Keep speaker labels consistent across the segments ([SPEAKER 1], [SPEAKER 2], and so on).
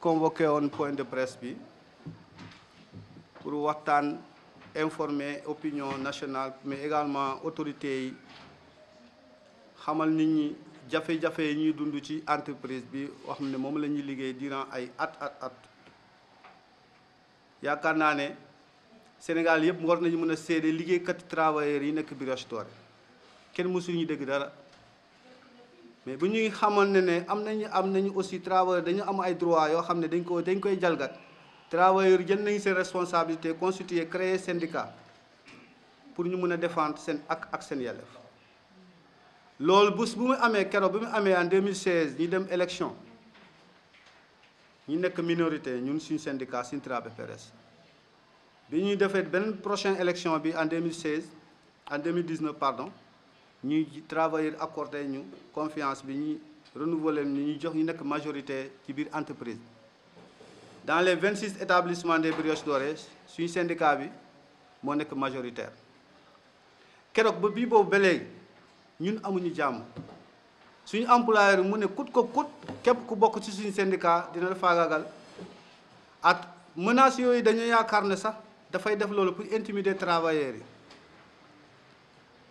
[SPEAKER 1] convoqué woon point de presse bi pour waxtaan informer opinion nationale mais également autorité yi xamal nit ñi jafe-jafe yi ñuy dund ci entreprise bi wax ne moom la ñuy liggéey durant ay at at at yaakaar naa ne Sénégal yëpp war nañu mën a seede liggéeykat travailleurs yi nekk biir yi kenn mësul ñu dégg dara. mais bu ñuy xamoon ne ne am nañu am nañu aussi travailleur dañu am ay droit yoo xam ne dañ ko dañ koy jalgat travailleur jën nañu seen responsabilité constituer créer syndicat pour ñu mën a défendre seen ak ak seen yelleef loolu bus bu mu amee keroog bu mu amee en 2016 ñu dem élection ñu nekk minorité ñun suñu syndicat Sintra BPRS bi ñuy defee benn prochaine élection bi en 2016 en 2019 pardon ñuy travailleurs accordé ñu confiance bi ñuy renouveler ñu ñuy jox ñu nekk majorité ci biir entreprise dans les 26 établissements des brioches dorées suñu syndicat bi moo nekk majoritaire keroog ba bii boobu ba ñun amuñu jàmm suñu employeur mu ne kut ko kut képp ku bokk ci suñu syndicat dina la faagaagal at menaces yooyu dañoo yaakaar ne sax dafay def loolu pour intimider travailleurs yi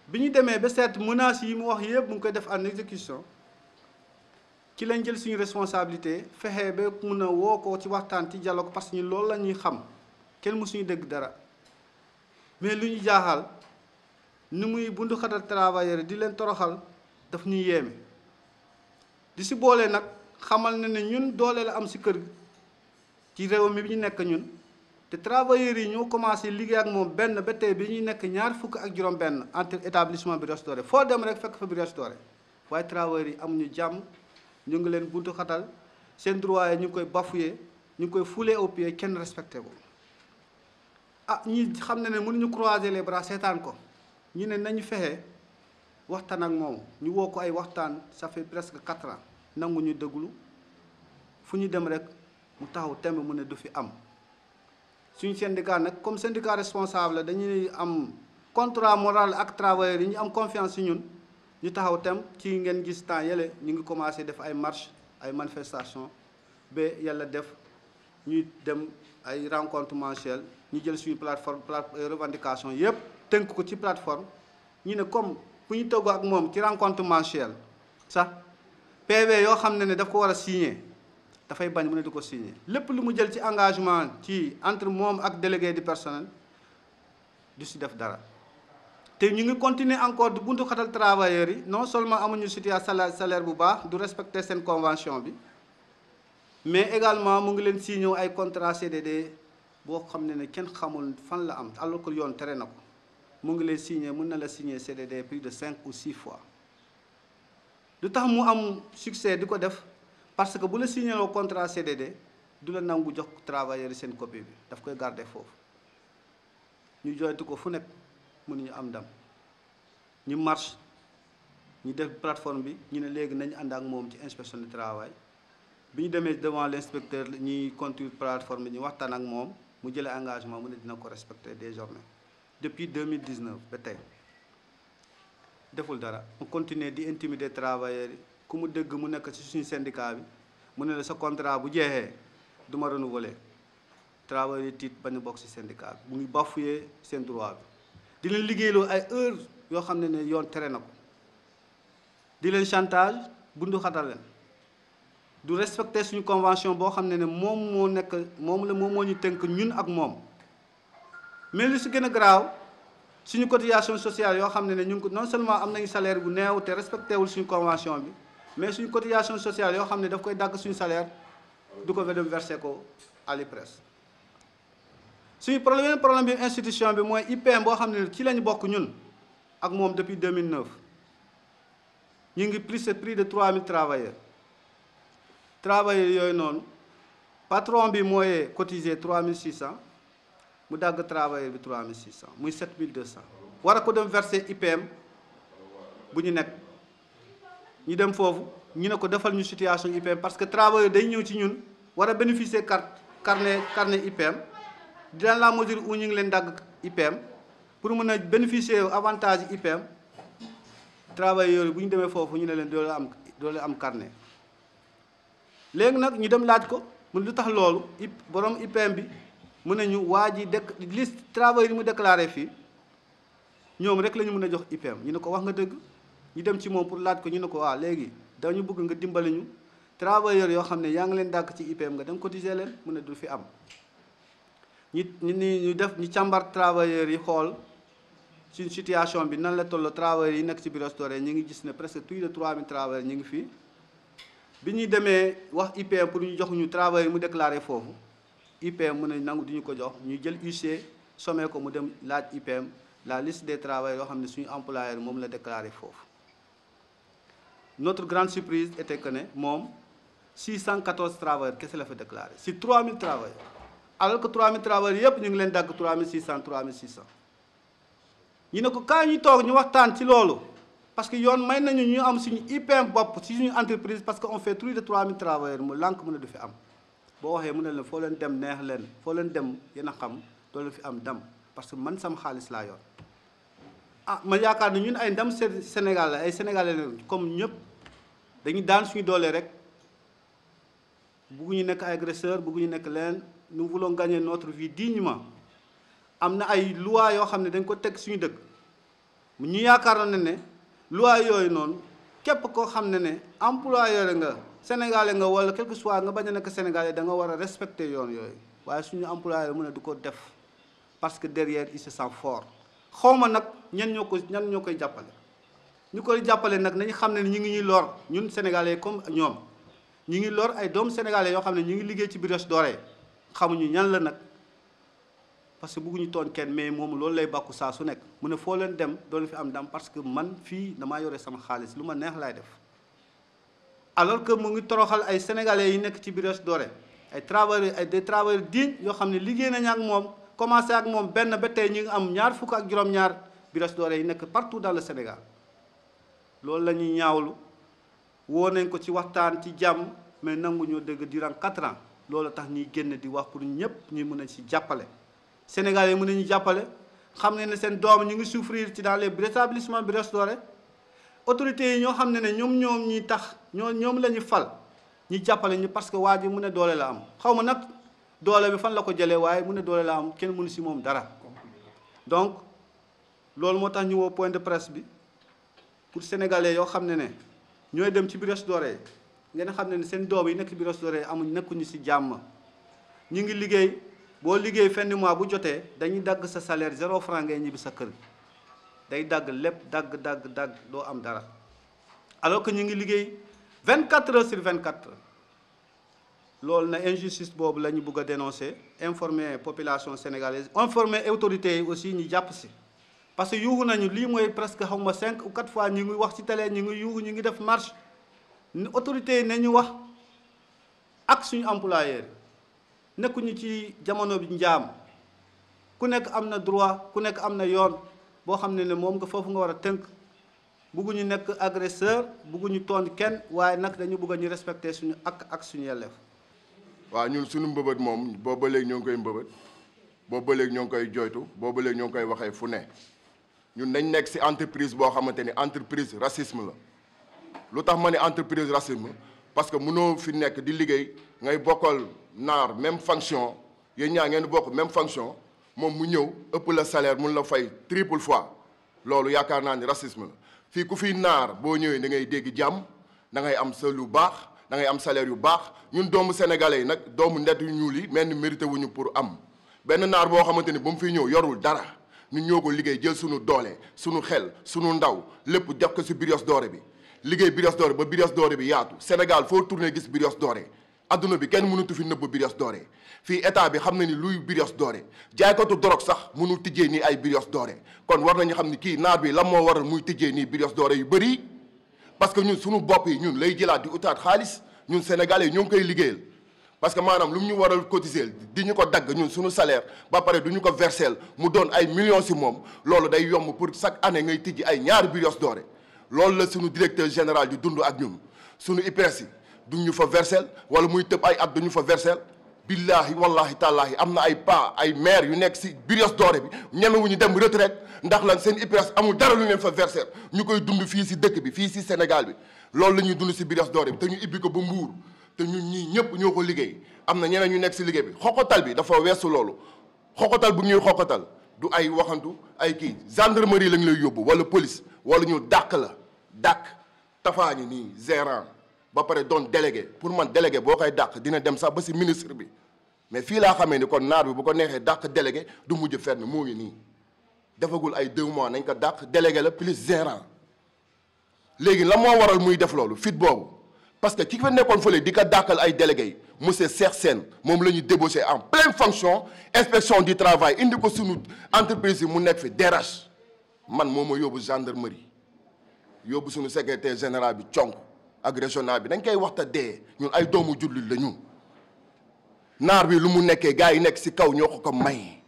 [SPEAKER 1] bi ñu demee ba seet menaces yi mu wax yëpp mu ngi koy def en exécution ci lañ jël suñu responsabilité fexe ba mun a woo ko ci waxtaan ci dialogue parce que loolu la ñuy xam kenn mësuñu dégg dara mais lu ñuy jaaxal ni muy bundu xatal travailleurs di leen toroxal dafa ñuy yéeme di si boolee nag xamal na ne ñun doole la am si kër gi ci réew mi bi ñu nekk ñun. te travailleurs yi ñoo commencé liggéey ak moom benn ba tey bi ñu nekk ñaar fukk ak juróom-benn entre établissement bi restauré foo dem rek fekk fa bi restauré waaye travailleurs yi ñu jàmm ñu ngi leen buntu xatal seen droit yi ñu koy bafoué ñu ngi koy foulé au pied kenn respecté ko ah ñi xam ne ne mënuñu croiser les seetaan ko ñu ne nañu fexe waxtaan ak moom ñu woo ko ay waxtaan ça fait presque quatre ans nangu ñu déglu fu ñu dem rek mu taxaw temb mu ne du fi am. suñu syndicat nag comme syndicat responsable la dañuy am contrat morale ak travailleurs yi ñu am confiance ci ñun ñu taxaw tem ci ngeen gis temps yële ñu ngi commencé def ay marche ay manifestation ba yàlla def ñuy dem ay rencontre mensuelle ñu jël suñu plateforme euh, revendication yépp tënk ko ci plateforme ñu ne comme bu ñu toggoo ak moom ci rencontre mensuelle sax PV yoo xam ne ne daf ko war a signer dafay bañ mu ne di ko signé lépp lu mu jël ci engagement ci entre moom ak délégué du personnel du si def dara te ñu ngi continuer encore di buntu xatal travailleurs yi non seulement amuñu situation salaire salaire bu baax du respecter seen convention bi mais également mu ngi leen signé ay contrat CDD boo xam ne ne kenn xamul fan la am alors yoon tere na ko mu ngi leen signé mun na la signé CDD plus de cinq ou six fois lu tax mu am succès di ko def parce que bu la signé loo contrat CDD du la nangu jox travailleur yi seen copie bi daf koy garder foofu ñu joytu ko fu nekk mënuñu am ndam ñu marche ñu def plateforme bi ñu ne léegi nañu ànd ak moom ci inspection du travail bi ñu demee devant l' inspecteur ñuy conduire plateforme bi ñu waxtaan ak moom mu jëlee engagement mu ne dina ko respecter désormais depuis deux mille 2019 ba tey deful dara mu continuer di intimider travailleurs yi ku mu dëgg mu nekk ci suñu syndicat bi mu ne la sa contrat bu jeexee du ma renouveler travailleur tiit bañ a bokk ci syndicat bi bu ngi bafoué seen droit bi di leen liggéeyloo ay heures yoo xam ne ne yoon tere na ko di leen chantage bundu xatal leen du respecter suñu convention boo xam ne ne moom moo nekk moom la moom moo ñu tënk ñun ak moom mais li su gën a garaaw suñu cotisation sociale yoo xam ne ne ñu ngi ko non seulement am nañu salaire bu neew te respecté wul suñu convention bi mais suñu cotisation sociale yoo xam ne dafa koy dagg suñu salaire du ko dem versé ko à l'IPRES suñu problème problème bi institution bi mooy IPM boo xam ne ci lañ bokk ñun ak moom depuis 2009 ñu ngi plus prix de 3000 travailleurs travailleurs yooyu noonu patron bi mooy cotisé cent mu dagg travailleur bi 3600 muy 7200 war a ko dem versé IPM bu ñu nekk. ñu dem foofu ñu ne ko defal ñu situation IPM parce que travailleur day ñëw ci ñun war a bénéficier carte karne carnet IPM dans la mesure ñu ngi leen dagg IPM pour mën a bénéficier avantage IPM travailleur yi bu ñu demee foofu ñu ne leen doole am doole am karne léegi nag ñu dem laaj ko mun lu tax loolu ip borom IPM bi mu ne ñu waa ji dek liste travailleur yi mu déclaré fii ñoom rek la ñu mën a jox IPM ñu ne ko wax nga dëgg ñu dem ci moom pour laaj ko ñu ne ko waaw ah léegi dañu bëgg nga dimbali ñu travailleurs yoo xam ne yaa ngi leen dàkk ci IPM nga dem cotiser leen mun ne du fi am ñi ñu def ñu càmbar travailleurs yi xool suñ situation bi nan la toll travailleurs yi nekk ci biir restaurant ñi ngi gis ne presque plus de 3000 travailleurs ñu ngi fii bi ñuy demee wax IPM pour ñu joxuñu ñu yi mu déclaré foofu IPM mu ne nangu duñu ko jox ñu jël UC sommee ko mu dem laaj ypm la liste des travailleurs yoo xam ne suñu employeur moom la déclaré foofu notre grande surprise était que ne moom 614 travailleurs kese la fa déclaré si 3000 travailleurs alors que 3000 travailleurs yëpp ñu ngi leen dagg 3600 3600. ñu ne ko kaa ñu toog ñu waxtaan ci loolu parce que yoon may nañu ñu am suñu IPM bopp ci ñu entreprise parce que on fait plus de 3000 travailleurs mu lànk mu ne du fi am. boo waxee mu ne leen foo leen dem neex leen foo leen dem yéen a xam doo leen fi am ndam parce que man sam xaalis laa yor ah ma yaakaar ne ay ndam Sénégal ay sénégalais comme ñëpp. dañu daan suñu doolee rek bëgguñu nekk agresseur bëgguñu nekk leneen nous voulons gagner notre vie dignement am na ay loi yoo xam ne dañ ko teg suñu dëkk ñu yaakaar na ne loi yooyu noonu képp koo xam ne ne employeur nga sénégalais nga wala quelque soit nga bañ a nekk sénégalais da nga war a respecter yoon yooyu waaye suñu employeur mu ne du ko def parce que derrière il se sent fort xaw ma nag ñan ñoo ko ñan ñoo koy jàppale ñu koy jàppale nag nañu xam ne ñu ngi ñuy lor ñun sénégalais comme ñoom ñu ngi lor ay doom sénégalais yoo xam ne ñu ngi liggéey ci Brioche Dorée xamuñu ñan la nag parce que bëgguñu tooñ kenn mais moom loolu lay bàkku saa su nekk mu ne foo leen dem doon fi am ndam parce que man fii damaa yore sama xaalis lu ma neex laay def alors que mu ngi toroxal ay sénégalais yi nekk ci Brioche doore ay travailleurs ay des travailleurs yoo xam ne liggéey nañ ak moom commencé ak moom benn ba ñu ngi am ñaar fukk ak juróom-ñaar Brioche yi nekk partout dans Sénégal loolu la ñuy ñaawlu woo nañ ko ci waxtaan ci jàmm mais nangu ñoo dégg durant quatre ans loolu tax ñuy génn di wax pour ñëpp ñu mun a ci jàppale. sénégal Sénégalais mën ñu jàppale xam ne ne seen doom ñu ngi souffrir ci dans les rétablissement bi restauré autorités yi ñoo xam ne ne ñoom ñoom ñi tax ñoo ñoom la ñu fal ñu jàppale ñu parce que waa ji mu ne doole la am xaw ma nag doole bi fan la ko jëlee waaye mu ne doole la am kenn mënu si moom dara donc loolu moo tax ñu point de presse bi. pour sénégalais yoo xam ne ne ñooy dem ci Brioche Dorée ngeen xam ne ne seen doom yi nekk Brioche Dorée amuñ nekkuñu si jàmm ñu ngi liggéey boo liggéey fenn bu jotee dañuy dagg sa salaire zéro franc ngay ñibbi sa kër day dagg lépp dagg dagg dagg doo am dara alors que ñu ngi liggéey 24 heures sur 24 loolu na injustice boobu la ñu bëgg a dénoncer informer population sénégalaise informer autorités yi aussi ñu jàpp si. parce que yuuxu nañu lii mooy presque xaw ma cinq ou quatre fois ñu ngi wax ci télé ñu ngi yuuxu ñu ngi def marche autorité yi ñu wax ak suñu employeur nekkuñu ci jamono bi njaam ku nekk am na droit ku nekk am na yoon boo xam ne ne moom nga foofu nga war a tënk bugguñu nekk agresseur bugguñu ton kenn waaye nag dañu bëgg ñu respecter suñu ak ak
[SPEAKER 2] suñu yelleef. waa ñun suñu mbëbët moom boobu ba léegi ñoo koy mbëbët boobu ba léegi ñoo ngi koy jooytu boobu ba léegi ñoo ngi koy waxee fu ne. ñun dañ nekk ci entreprise boo xamante ni entreprise racisme la lu tax ma ne entreprise racisme parce que munoo fi nekk di liggéey ngay bokkal naar même fonction yéen ñaa ngeen bokk même fonction moom mu ñëw ëpp la salaire mun la fay triple fois loolu yaakaar naa ni racisme la fii ku fi naar boo ñëwee da ngay dégg jàmm da ngay am sa lu baax da ngay am salaire yu baax ñun doomu sénégalais yi nag doomu ndet yu ñuul yi mel ni mérité wuñu pour am benn naar boo xamante ni ba mu ñëw yorul dara ñu ñoo ko liggéey jël suñu doole suñu xel suñu ndaw lépp def ko si Brioche doore bi liggéey Brioche Dorée ba Brioche doore bi yaatu Sénégal foo tourné gis Brioche Dorée adduna bi kenn mënatu fi nëbb Brioche Dorée fii état bi xam na ni luy Brioche doore jaaykatu dorog sax mënul tijjee nii ay Brioche doore kon war nañu xam ne kii naar bi lan moo waral muy tijjee nii Brioche Dorée yu bëri parce que ñun suñu bopp yi ñun lay jëlaat di utaat xaalis ñun sénégalais ñoo ngi koy liggéeyal parce que maanaam lu mu ñu waral cotiser di ñu ko dagg ñun suñu salaire ba pare du ñu ko verseel mu doon ay million si moom loolu day yomb pour chaque année ngay tijji ay ñaari Brioche Dorée loolu la suñu directeur général di dund ak ñun suñu IPRES yi du ñu fa verseel wala muy tëb ay at du ñu fa verseel billaahi wallaahi tallaahi am na ay pa ay maire yu nekk si Brioche Dorée bi ñu dem retraite ndax lan seen IPRES amul dara lu leen fa verseel ñu koy dund fii si dëkk bi fii si Sénégal bi loolu la ñuy dund si Brioche Dorée bi ibbi ko ba Mbuur te ñun ñii ñëpp ñoo ko liggéey am na ñeneen ñu nekk si liggéey bi xoqatal bi dafa weesu loolu xoqatal bu ñuy xoqatal du ay waxantu ay kii gendarmerie lañu lay yóbbu wala police wala ñu dàq la dàq tafaañi nii gérant ba pare doon délégué pour man délégué boo koy dàq dina dem sax ba si ministre bi mais fii laa xamee ni kon naar bi bu ko neexee dàq délégué du mujj fenn moo ngi nii defagul ay deux mois nañ ko dàq délégué la plus gérant léegi la moo waral muy def loolu fit boobu parce que ki fa nekkoon fële di ko dàkkal ay délégué yi monsieur Cheikh Sène moom la ñu débauché en pleine fonction inspection du travail indi ko suñu entreprise yi mu nekk fi DRH man moo ma yóbbu gendarmerie yóbbu suñu secrétaire général bi conk ak régional bi dañ koy waxta dee ñun ay doomu jullit la naar bi lu mu nekkee gars yi nekk si kaw ñoo ko ko may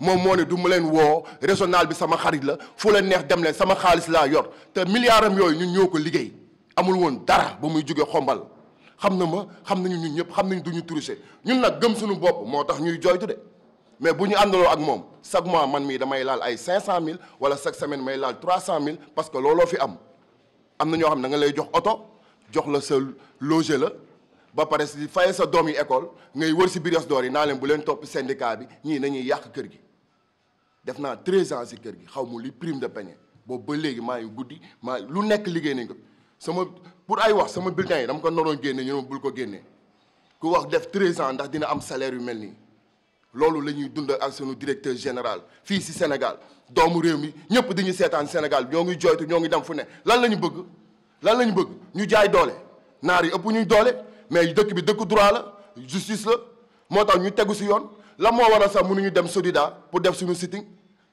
[SPEAKER 2] moom moo ne du ma leen woo régional bi sama xarit la fu leen neex dem leen sama xaalis laa yor te milliard am yooyu ñun ñoo ko liggéey amul woon dara ba muy jógee xombal xam na ma xam nañu ñun ñëpp xam nañu duñu tourisé ñun nag gëm suñu bopp moo tax ñuy jooytu de mais bu ñu àndaloo ak moom chaque mois man mii damay laal ay cinq cent mille wala chaque semaine may laal trois cent mille parce que looloo fi am am na ñoo xam ne da nga lay jox oto jox la sa loger la ba pare si faye sa doom yi école ngay wër si biir door yi naa leen bu leen topp syndicat bi ñii nañuy yàq kër gi def naa treize ans si kër gi xaw mu li prime de panier boobu ba léegi maa ngi guddi maa lu nekk liggéey nañ sama pour ay wax sama bulletin yi dama ko naroon génne ñu ne bul ko génne ku wax def treize ans ndax dina am salaire yu mel nii loolu la ñuy dund ak sunu directeur général fii si Sénégal doomu réew mi ñëpp dañuy seetaan Sénégal ñoo ngi jooytu ñoo ngi dem fu ne lan la ñu bëgg lan la ñu bëgg ñu jaay doole naar yi ëpp ñuy doole mais dëkk bi dëkk droit la justice la moo tax ñu tegu si yoon la moo waral sax ñu dem solida pour def suñu sitting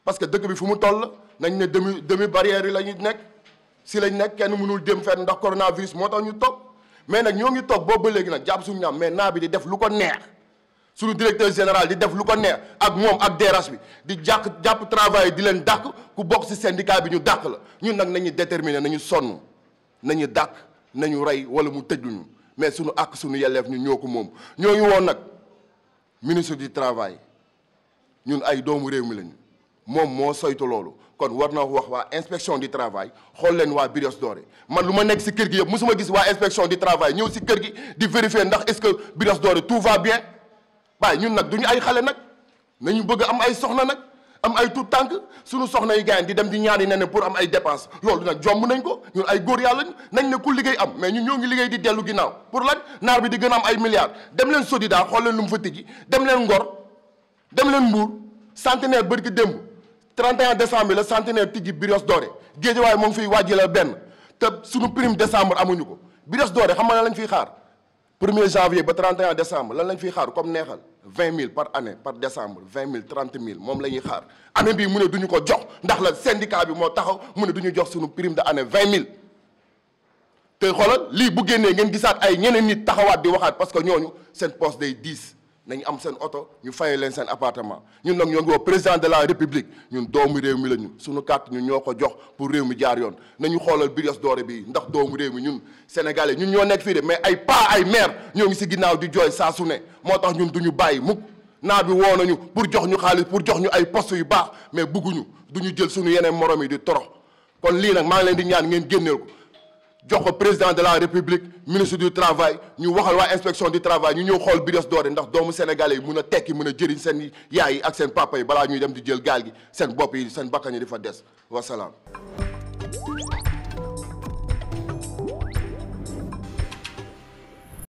[SPEAKER 2] parce que dëkk bi fu mu toll nañ ne demi demi barrière yi la ñu nekk. si lañ nekk kenn mënul dem fenn ndax coronavirus moo tax ñu toog mais na ñoo ngi toog boobu ba léegi nag jàpp suñu ñam bi di def lu ko neex suñu directeur général di def lu ko neex ak moom ak DRH bi di jàq jàpp travail di leen dàq ku bokk si syndicat bi ñu dàq la ñun nag nañu déterminer nañu sonn nañu dàq nañu rey wala mu tëj ñu mais suñu àq suñu yelleef ñu ñoo ko moom ñoo ngi woon nag ministre di travail ñun ay doomu réew mi lañu moom moo soytu loolu kon war na wax waa inspection du travail xool leen waa Brioche Dorée man lu ma nekk si kër gi yëpp musuma gis waa inspection du travail ñëw si kër gi di vérifier ndax est-ce que Brioche Dorée tout va bien waaye ñun nag du ñu ay xale nag nañu bëgg am ay soxna nag am ay tout tànk suñu soxna yi gaañ di dem di ñaari nene pour am ay dépense loolu nag jomb nañ ko ñun ay góor yàlla nañ ne ku liggéey am mais ñu ñoo ngi liggéey di dellu ginnaaw pour lan naar bi di gën am ay milliards dem leen Sodida xool leen lu mu fa tijji dem leen Ngor dem leen Mbour centenaire bërki démb 31 décembre bi la centenaire tijji Brioche Dorée Guédiawaye moo ngi fiy wàjjilal benn te suñu prime décembre amuñu ko Brioche Dorée xam nga lan lañ fiy xaar 1er janvier ba 31 décembre lan lañ fiy xaar comme neexal 20 000 par année par décembre 20 000 30 000 moom la ñuy xaar année bii mu ne duñu ko jox ndax la syndicat bi moo taxaw mu ne duñu jox suñu prime de année 20 000 te xoolal lii bu génnee ngeen gisaat ay ñeneen nit taxawaat di waxaat parce que ñooñu seen poste day nañ am seen oto ñu fayee leen seen appartement ñun nag ñoo ngi woo président de la république ñun doomu réew mi la ñu suñu carte ñun ñoo ko jox pour réew mi jaar yoon nañu xoolal Brioche Dorée bi ndax doomu réew mi ñun sénégalais ñun ñoo nekk fii de mais ay pa ay maire ñoo ngi si ginnaaw di jooy saa su ne moo tax ñun du ñu bàyyi mukk naa bi woo nañu pour jox ñu xaalis pour jox ñu ay post yu baax mais bugguñu ñu jël suñu yeneen morom yi di torox kon lii nag maa ngi leen di ñaan ngeen génneel ko jox ko président de la république ministre du travail ñu waxal waa inspection du travail ñu ñëw xool Brioche Dorée ndax doomu sénégalais yi mun a tekki mun a jëriñ seen yaay ak seen papa yi balaa ñuy dem di jël gaal gi seen bopp yi seen bakkan yi di fa des wasalaam.